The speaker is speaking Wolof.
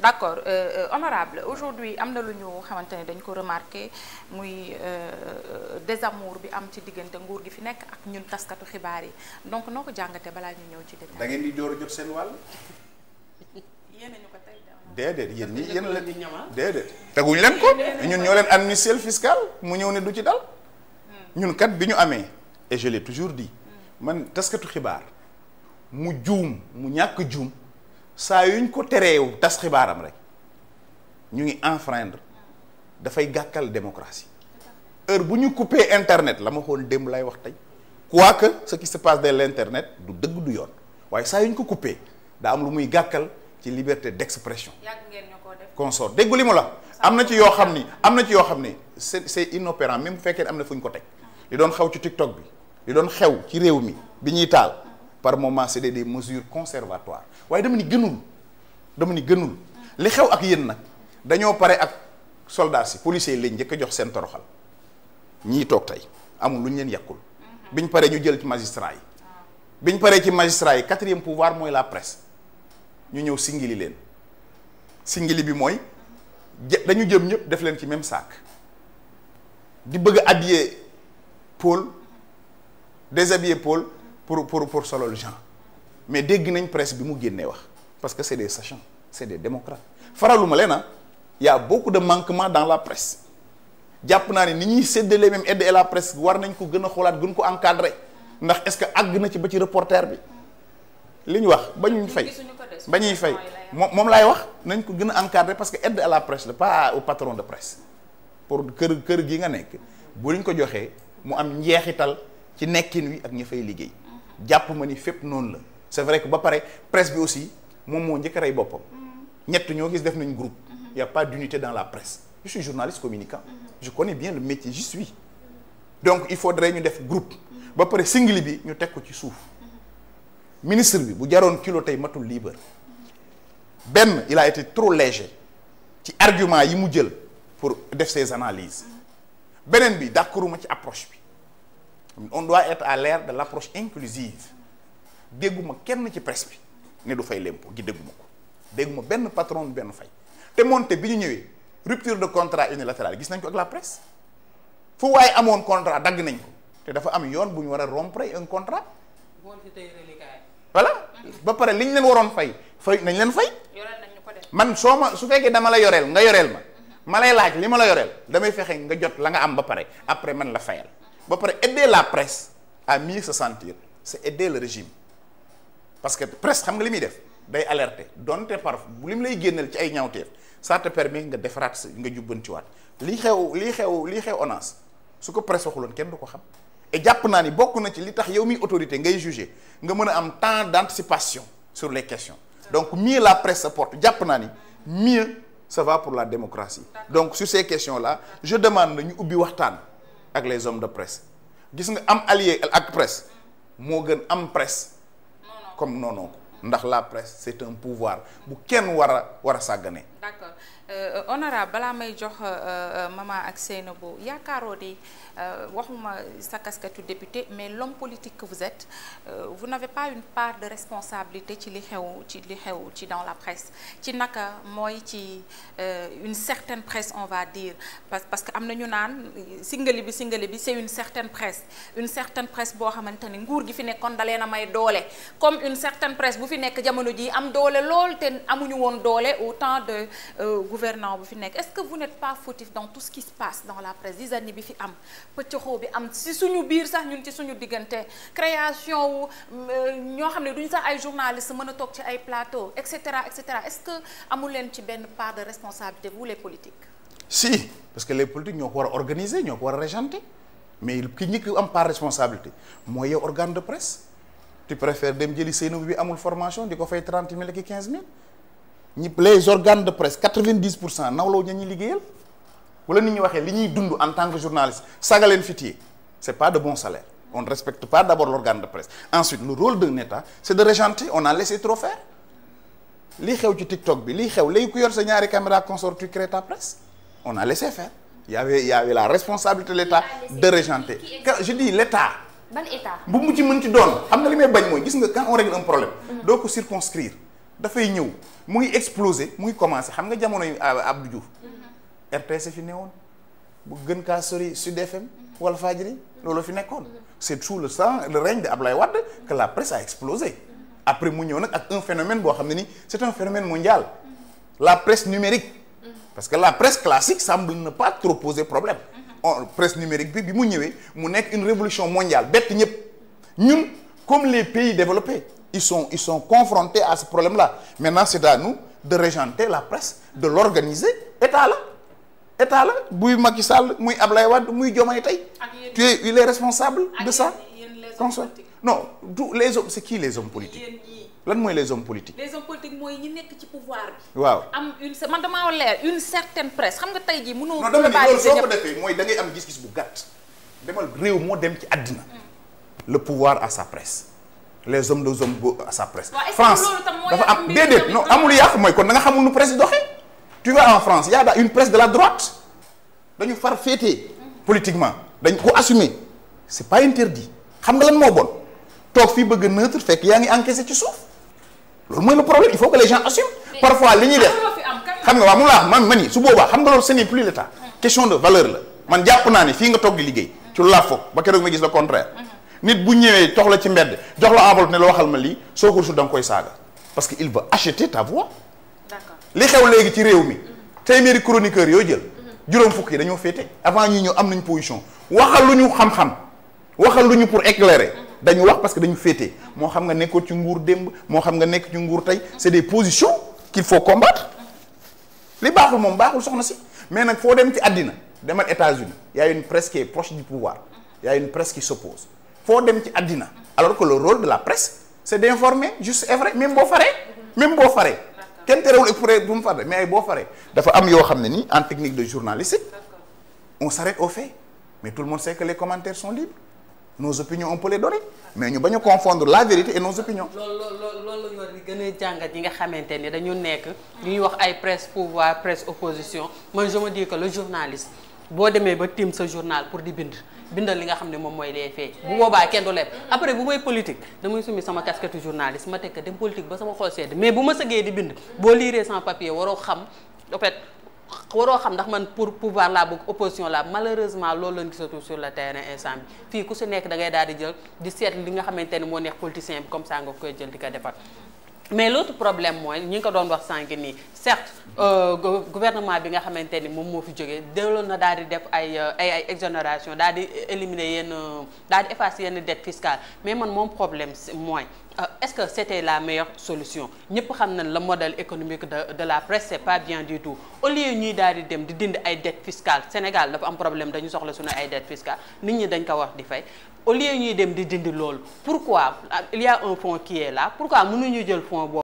d'accord euh, euh, honorable aujourd'hui am na lu ñu xamante ne dañ ko remarqué muy euh, euh, désamour bi am ci diggante nguur gi fi nekk ak ñun taskatu xibaar yi donc noo ko jàngatee balaa ñu ñëw ci détail. da ngeen di door jot seen wàll. yéen ñu ko tey déedéet yéen ñi yéen leen ko ñun ñoo leen amnistie fiscale mu ñëw ne du ci dal hmm. ñun kat bi ñu amee et toujours di hmm. man taskatu xibaar mu juum mu ñàkk juum saa yuñ ko tereew tas xibaaram rek ñu ngi enfreindre dafay gàkkal démocratie heure bu ñu coupé internet la ma xoon démb lay wax tey quoi que ce qui se passe de l'internet du dëgg du yoon waaye saa yuñ ko coupé daa am lu muy gàkkal ci liberté d'expression consort déggu li mu la am na ci yoo xam ni am na ci yoo xam ne c'est c'est inopérant même fekkee am na fu ñu ko teg li doon xew ci TikTok bi li doon xew ci réew mi bi ñuy taal par moment c'est des mesures conservatoires waaye dama ni gënul dama ni gënul li xew ak yéen nag dañoo pare ak soldats yi policiers yi lañ njëkk a jox seen toroxal ñii toog tey amul lu ñu leen yàqul mhm. biñ paree ñu jël ci magistrat yi ah. biñ paree ci magistrat yi quatrième pouvoir mooy la presse ñu ñëw singili leen singili bi mooy dañu jëm ñëpp def leen ci même sac di bëgg a habiller Paul mhm. déshabiller Paul pour pour pour solol gens mais dégg nañ presse bi mu génnee wax parce que c'est des sachants c'est des démocrates faraluma leen ah y a beaucoup de manquements dans la presse jàpp naa ne ni ñuy séddalee même aide à la presse war nañ ko gën a xoolaat gën ko encadrer ndax est-ce que àgg na ci ba ci reporter bi li ñu wax ba ñu fay ba ñuy fay moom moom laay wax nañ ko gën a encadrer parce que aide à la presse la pas au patron de presse pour kër kër gi nga nekk bu luñ ko joxee mu am njeexital ci nekkin wi ak ña fay liggéey. jàpp ma ni fépp noonu la c'est vrai que ba pare presque bi aussi moom moo njëkk a boppam mm-hmm. ñett ñoo gis def nañu groupe il mm-hmm. y a pas d'unité dans la presse je suis journaliste communicant je connais bien le métier j'y suis donc il faudrait ñu def groupe mm-hmm. ba pare singli bi ñu teg ko ci suuf ministre bi bu jaroon kilo tey matul libre benn il a été trop léger ci argument yi mu jël pour def ses analyses beneen bi ma ci approche bi on doit être à l'ère de l'approche inclusive dégguma kenn ci presse bi ne du fay l'impôt gi dégguma ko dégguma benn patron benn fay te moonte bi ñu ñëwee rupture de contrat unilatérale gis nañ ko ak la presse fu waaye amoon contrat dagg nañ ko te dafa am yoon bu ñu war a rompre un contrat voilà ba pare li ñu leen waroon fay fay nañ leen fay man soo ma su fekkee dama la yoreel nga yoreel ma ma lay laaj li ma la yoreel damay fexe nga jot la nga am ba pare après man la fayal ba pare aider la presse à mieux se sentir c'est aider le régime parce que presse xam nga li muy def day alerter donte par bu li mu lay génneel ci ay ñaawteef ça te permet nga defaraat sa nga jubbantiwaat li xew li xew li xew ONAS su ko presse waxuloon kenn du ko xam et jàpp naa ni bokk na ci li tax yow mi autorité ngay jugé nga mën a am temps d'anticipation sur les questions donc mieux la presse se porte jàpp naa ni mieux ça va pour la démocratie donc sur ces questions là je demande ñu ubbi waxtaan ak les hommes de presse gis nga am allié ak presse moo gën am presse comme noonu ko ndax la presse c'est un pouvoir bu kenn war a war a sàggane d'accord euh, honorable balaa may jox euh, euh maman ak Seynabou yaakaaroo di euh, waxuma sa casquette député mais l'homme politique que vous êtes euh, vous n'avez pas une part de responsabilité ci li xew ci li xew ci dans la presse ci naka mooy ci euh, une certaine presse on va dire parce parce que am na ñu naan singali bi singali bi c'est une certaine presse une certaine presse boo xamante ni nguur gi fi nekkoon dalee na may doole comme une certaine presse bu fi nekk jamono ji am doole lool amuñu woon doole temps Euh, gouvernant bu fi nekk est-ce que vous n'êtes pas fautif dans tout ce qui se passe dans la presse zizanie bi fi am pëccëxoo bi am si suñu biir sax ñun ci suñu diggante création wu euh, ñoo xam ne duñu sax ay journalistes mën a toog ci ay plateau et cetera et cetera est-ce que amul leen ci benn part de responsabilité vous les politiques si parce que les politiques ñoo ko war a organiser ñoo ko war a régenter mais ki ñëkk am part responsabilité mooy yow organe de presse tu préfères dem jëli Seynabou bi formation di ko fay trente quinze mille ñi les organes de presse quatre-vingt-dix pour cent nawloo ña ñuy liggéeyal wala nit ñi waxee li ñuy dund en tant que journaliste sagaleen fitiye c'est pas de bon salaire on ne respecte pas d'abord l'organe de presse ensuite le rôle d'un État c'est de régenter on a laissé trop faire lii xew ci TikTok bi li xew léegi ku sa ñaari caméra consort tu crées on a laissé faire y avait y avait la responsabilité de l'État de régenter quand je dis l'État ban bu mu ci mën ci doon xam nga li may bañ mooy gis nga quand on règle un problème mm-hmm. dafay ñëw mu ngi explosé mu ngi commencé xam nga jamono yu Abdou Diouf mm-hmm. RTS fi newoon bu gën kaa sori Sud FM mm-hmm. wala Fajri loolu fi nekkoon c'est sous le sang le règne de Ablaye Wade que la presse a explosé mm-hmm. après mu ñëw nag ak un phénomène boo xam ne ni c'est un phénomène mondial la presse numérique parce que la presse classique semble na pas trop poser problème on presse numérique bi bi mu ñëwee mu nekk une révolution mondiale bett ñëpp ñun comme les pays développés qui sont ils sont confrontés à ce problème-là maintenant c'est à nous de régenter la presse de l'organiser état la état la buy Macky Sall muy Ablaye Wade muy Diomaye tey tu es il est responsable de ça conso non tous les hommes c'est qui les hommes politiques lan mooy les hommes politiques. les mooy ñi nekk ci pouvoir bi. waaw am une man damaa leer une certaine presse xam nga tey ji mënoo. non dama ni loolu soo ko defee mooy da ngay am gis-gis bu gàtt. demal réew moo dem ci addina mm. le pouvoir à sa presse. les hommes somme hommes a sa presse. France dafa am déedéet non amul yàq mooy kon da nga xamul nu presse doxee. tu vois en France y a une presse de la droite dañu far politiquement dañ ko assumer c'est pas interdit xam nga lan moo bon toog fii bëgg neutre fekk yaa ngi encaissé ci suuf loolu mooy le problème il faut que les gens assument. parfois li ñuy def xam nga waaw moom laa man man yi su boobaa xam nga loolu ce n'est plus l'état mm. question valeur la man jàpp naa ne fii nga toog liggéey ci lu laa foog ba nit bu ñëwee jox la ci mbedd jox la enveloppe ne la waxal ma lii soo ko rusul da koy saaga parce que il veut acheter ta li xew léegi ci réew mi. téeméeri chroniqueur yoo jël. juróom fukk yi dañoo féete avant ñi ñëw am nañ position waxal lu ñu xam-xam waxal lu ñu pour éclairer dañu wax parce que dañu féete moo xam nga nekkoon ci nguur démb moo xam nga nekk ci nguur tey c'est des positions qu'il faut combattre li baaxul moom baaxul soxna si mais nag foo dem ci àddina demal États-Unis y a une presse qui est proche du pouvoir y a foo dem ci àddina alors que le rôle de la presse c'est d'informer juste et vrai même boo faree même boo faree kenn terewul pour bu mu faree mais boo faree dafa am yoo xam ne ni en technique de journalistique on s'arrête aux faits mais tout le monde sait que les commentaires sont libres nos opinions on peut donner mais ñu bañ a confondre la vérité et nos opinions. loolu loolu ñu gën a yi nga xamante ni dañu nekk ñuy wax ay presse pouvoir presse opposition man je me dis le journaliste. boo demee ba tiim sa journal pour di bind bindal li nga xam ne moom mooy les faits bu boobaa kenn du leb après bu may politique damay summi sama casquette journaliste ma teg dem politique ba sama xol sedd mais bu ma sëggee di bind boo liiree sans papier waroo xam en fait waroo xam ndax man pour pouvoir la bëgg opposition laa malheureusement loolu lañ gisatu sur le terrain instant fii ku si nekk da ngay daal jël di seet li nga xamante moo neex politicien bi comme ça di ko defar mais l'autre problème mooy ñi ngi ko doon wax sànq nii certes euh, gouvernement bi nga xamante ni moom moo fi jógee delloon na daal di def ay euh, ay ay exonération daal di éliminer yenn daal di effacer yenn dette fiscale mais man moom problème mooy euh, est-ce que c'était la meilleure solution ñëpp xam nañ le modèle économique de de la presse c'est pas bien du tout au lieu ñuy daal di dem di dindi ay dette fiscale Sénégal dafa am problème dañu soxla suñu ay dette fiscale nit ñi dañ ko wax di fay au lieu ñuy dem di dindi lool pourquoi il y a un fonds qui est là pourquoi mënuñu jël fonds boobu